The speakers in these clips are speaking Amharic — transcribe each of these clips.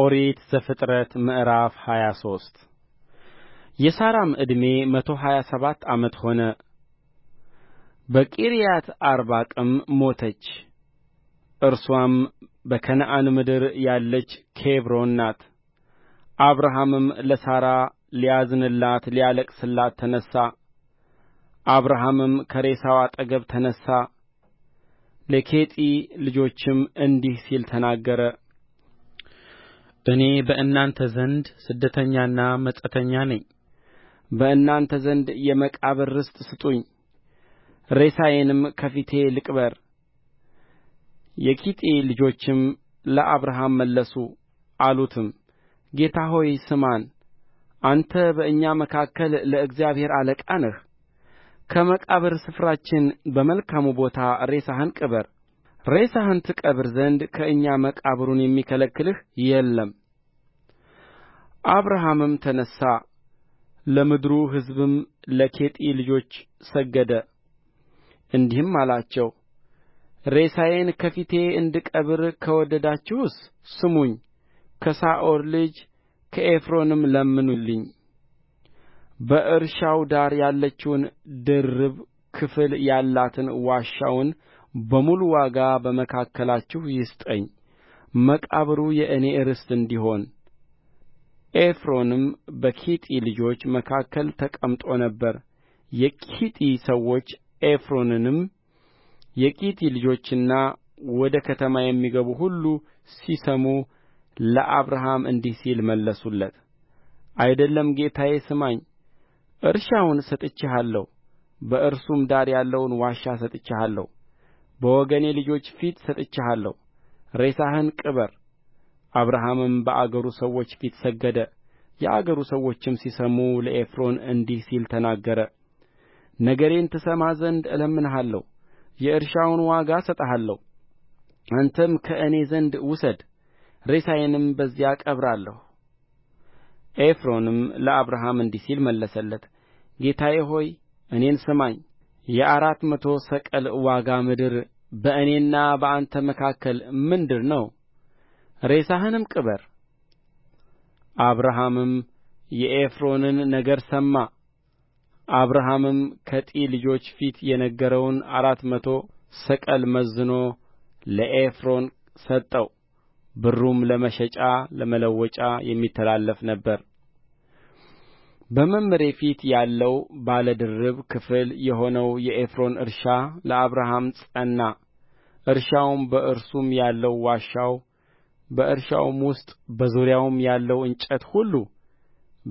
ኦሪት ዘፍጥረት ምዕራፍ ሃያ ሶስት የሣራም ዕድሜ መቶ ሀያ ሰባት ዓመት ሆነ በቂርያትአርባቅም ሞተች እርስዋም በከነዓን ምድር ያለች ኬብሮን ናት አብርሃምም ለሣራ ሊያዝንላት ሊያለቅስላት ተነሣ አብርሃምም ከሬሳው አጠገብ ተነሣ ለኬጢ ልጆችም እንዲህ ሲል ተናገረ እኔ በእናንተ ዘንድ ስደተኛና መጻተኛ ነኝ በእናንተ ዘንድ የመቃብር ርስት ስጡኝ ሬሳዬንም ከፊቴ ልቅበር የኬጢ ልጆችም ለአብርሃም መለሱ አሉትም ጌታ ሆይ ስማን አንተ በእኛ መካከል ለእግዚአብሔር አለቃ ነህ ከመቃብር ስፍራችን በመልካሙ ቦታ ሬሳህን ቅበር ሬሳህን ትቀብር ዘንድ ከእኛ መቃብሩን የሚከለክልህ የለም አብርሃምም ተነሣ ለምድሩ ሕዝብም ለኬጢ ልጆች ሰገደ እንዲህም አላቸው ሬሳዬን ከፊቴ እንድቀብር ከወደዳችሁስ ስሙኝ ከሳኦር ልጅ ከኤፍሮንም ለምኑልኝ በእርሻው ዳር ያለችውን ድርብ ክፍል ያላትን ዋሻውን በሙሉ ዋጋ በመካከላችሁ ይስጠኝ መቃብሩ የእኔ ርስት እንዲሆን ኤፍሮንም በኬጢ ልጆች መካከል ተቀምጦ ነበር የኬጢ ሰዎች ኤፍሮንንም የኬጢ ልጆችና ወደ ከተማ የሚገቡ ሁሉ ሲሰሙ ለአብርሃም እንዲህ ሲል መለሱለት አይደለም ጌታዬ ስማኝ እርሻውን ሰጥቼሃለሁ በእርሱም ዳር ያለውን ዋሻ ሰጥቼሃለሁ በወገኔ ልጆች ፊት ሰጥቼሃለሁ ሬሳህን ቅበር አብርሃምም በአገሩ ሰዎች ፊት ሰገደ የአገሩ ሰዎችም ሲሰሙ ለኤፍሮን እንዲህ ሲል ተናገረ ነገሬን ትሰማ ዘንድ እለምንሃለሁ የእርሻውን ዋጋ እሰጥሃለሁ አንተም ከእኔ ዘንድ ውሰድ ሬሳዬንም በዚያ እቀብራለሁ ኤፍሮንም ለአብርሃም እንዲህ ሲል መለሰለት ጌታዬ ሆይ እኔን ስማኝ የአራት መቶ ሰቅል ዋጋ ምድር በእኔና በአንተ መካከል ምንድር ነው ሬሳህንም ቅበር አብርሃምም የኤፍሮንን ነገር ሰማ አብርሃምም ከጢ ልጆች ፊት የነገረውን አራት መቶ ሰቅል መዝኖ ለኤፍሮን ሰጠው ብሩም ለመሸጫ ለመለወጫ የሚተላለፍ ነበረ በመምሬ ፊት ያለው ባለ ድርብ ክፍል የሆነው የኤፍሮን እርሻ ለአብርሃም ጸና እርሻውም በእርሱም ያለው ዋሻው በእርሻውም ውስጥ በዙሪያውም ያለው እንጨት ሁሉ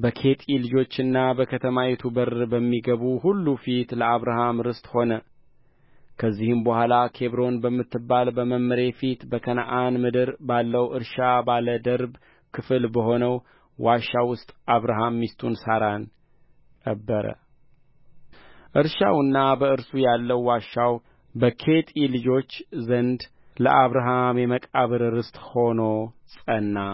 በኬጢ ልጆችና በከተማይቱ በር በሚገቡ ሁሉ ፊት ለአብርሃም ርስት ሆነ ከዚህም በኋላ ኬብሮን በምትባል በመምሬ ፊት በከነዓን ምድር ባለው እርሻ ባለ ድርብ ክፍል በሆነው ዋሻ ውስጥ አብርሃም ሚስቱን ሣራን ቀበረ እርሻውና በእርሱ ያለው ዋሻው በኬጢ ልጆች ዘንድ ለአብርሃም የመቃብር ርስት ሆኖ ጸና